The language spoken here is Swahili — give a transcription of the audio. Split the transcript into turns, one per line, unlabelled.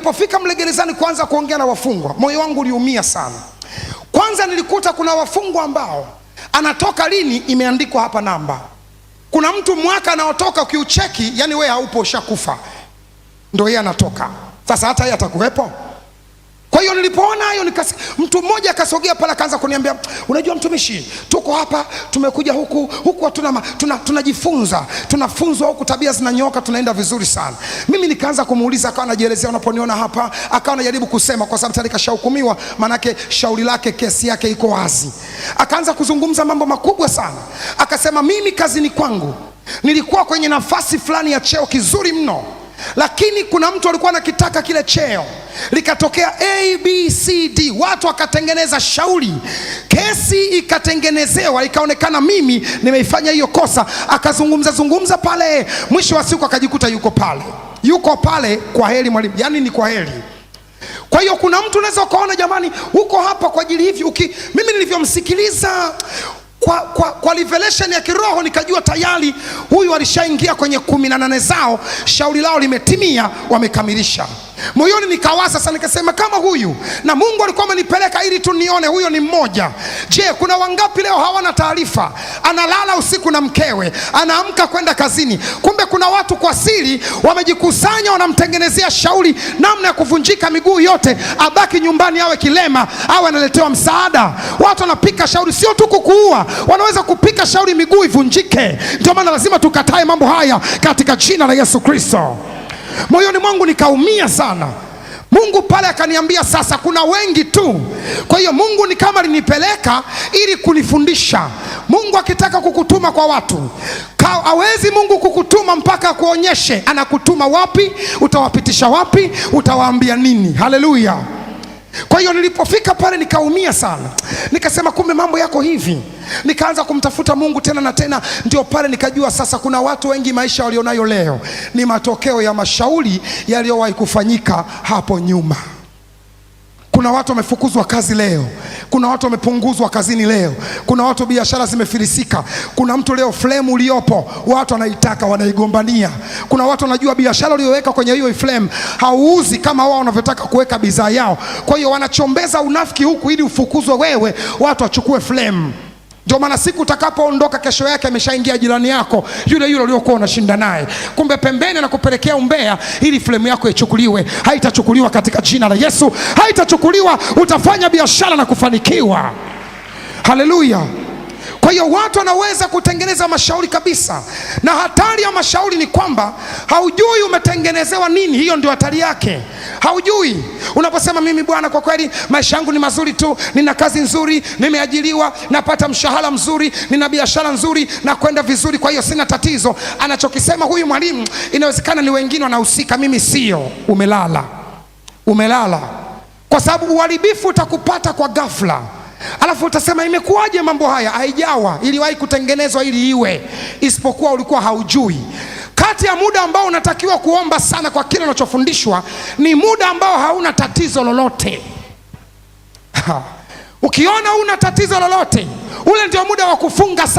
Nilipofika mle gerezani kuanza kuongea na wafungwa, moyo wangu uliumia sana. Kwanza nilikuta kuna wafungwa ambao anatoka lini imeandikwa hapa namba. Kuna mtu mwaka anaotoka ukiucheki, yani wewe haupo, ushakufa, ndio yeye anatoka. Sasa hata yeye atakuwepo? Kwa hiyo nilipoona hayo nikasi, mtu mmoja akasogea pale akaanza kuniambia, unajua mtumishi, tuko hapa tumekuja huku huku hatuna tunajifunza, tuna tunafunzwa huku, tabia zinanyoka, tunaenda vizuri sana. Mimi nikaanza kumuuliza, akawa anajielezea, unaponiona hapa, akawa anajaribu kusema, kwa sababu tayari kashahukumiwa, maanake shauri lake, kesi yake iko wazi. Akaanza kuzungumza mambo makubwa sana, akasema, mimi kazini kwangu nilikuwa kwenye nafasi fulani ya cheo kizuri mno lakini kuna mtu alikuwa anakitaka kile cheo, likatokea ABCD, watu wakatengeneza shauri, kesi ikatengenezewa, ikaonekana mimi nimeifanya hiyo kosa. Akazungumza zungumza pale, mwisho wa siku akajikuta yuko pale, yuko pale. Kwa heri mwalimu, yani ni kwa heri. Kwa hiyo kuna mtu unaweza ukaona, jamani, uko hapa kwa ajili hivi. Mimi nilivyomsikiliza kwa, kwa, kwa revelation ya kiroho nikajua tayari huyu alishaingia kwenye kumi na nane zao, shauri lao limetimia, wamekamilisha. Moyoni nikawaza sana, nikasema kama huyu na Mungu alikuwa amenipeleka ili tu nione huyo ni mmoja. Je, kuna wangapi leo hawana taarifa? Analala usiku na mkewe, anaamka kwenda kazini, kumbe kuna watu kwa siri wamejikusanya, wanamtengenezea shauri namna ya kuvunjika miguu yote, abaki nyumbani, awe kilema, awe analetewa msaada. Watu wanapika shauri, sio tu kukuua, wanaweza kupika shauri miguu ivunjike. Ndio maana lazima tukatae mambo haya katika jina la Yesu Kristo. Moyoni mwangu nikaumia sana. Mungu pale akaniambia sasa, kuna wengi tu. Kwa hiyo Mungu ni kama alinipeleka ili kunifundisha. Mungu akitaka kukutuma kwa watu hawezi Mungu kukutuma mpaka akuonyeshe anakutuma wapi, utawapitisha wapi, utawaambia nini. Haleluya! Kwa hiyo nilipofika pale nikaumia sana, nikasema kumbe mambo yako hivi. Nikaanza kumtafuta Mungu tena na tena, ndio pale nikajua sasa kuna watu wengi maisha walionayo leo ni matokeo ya mashauri yaliyowahi kufanyika hapo nyuma. Kuna watu wamefukuzwa kazi leo, kuna watu wamepunguzwa kazini leo, kuna watu biashara zimefilisika. Kuna mtu leo flame uliopo watu wanaitaka, wanaigombania. Kuna watu wanajua biashara uliyoweka kwenye hiyo flame hauuzi kama wao wanavyotaka kuweka bidhaa yao, kwa hiyo wanachombeza unafiki huku ili ufukuzwe wewe, watu wachukue flame. Ndio maana siku utakapoondoka, kesho yake ameshaingia jirani yako yule yule uliokuwa unashinda naye. Kumbe pembeni na kupelekea umbea, ili flemu yako ichukuliwe. Haitachukuliwa katika jina la Yesu, haitachukuliwa. Utafanya biashara na kufanikiwa. Haleluya! Kwa hiyo watu wanaweza kutengeneza mashauri kabisa, na hatari ya mashauri ni kwamba haujui umetengenezewa nini. Hiyo ndio hatari yake haujui. Unaposema mimi bwana, kwa kweli maisha yangu ni mazuri tu, nina kazi nzuri, nimeajiriwa, napata mshahara mzuri, nina biashara nzuri na kwenda vizuri, kwa hiyo sina tatizo. Anachokisema huyu mwalimu, inawezekana ni wengine wanahusika, mimi sio. Umelala, umelala, kwa sababu uharibifu utakupata kwa ghafla. Alafu utasema imekuwaje mambo haya? Haijawa, iliwahi kutengenezwa ili iwe, isipokuwa ulikuwa haujui kati ya muda ambao unatakiwa kuomba sana kwa kile unachofundishwa ni muda ambao hauna tatizo lolote ha. Ukiona una tatizo lolote, ule ndio muda wa kufunga sana.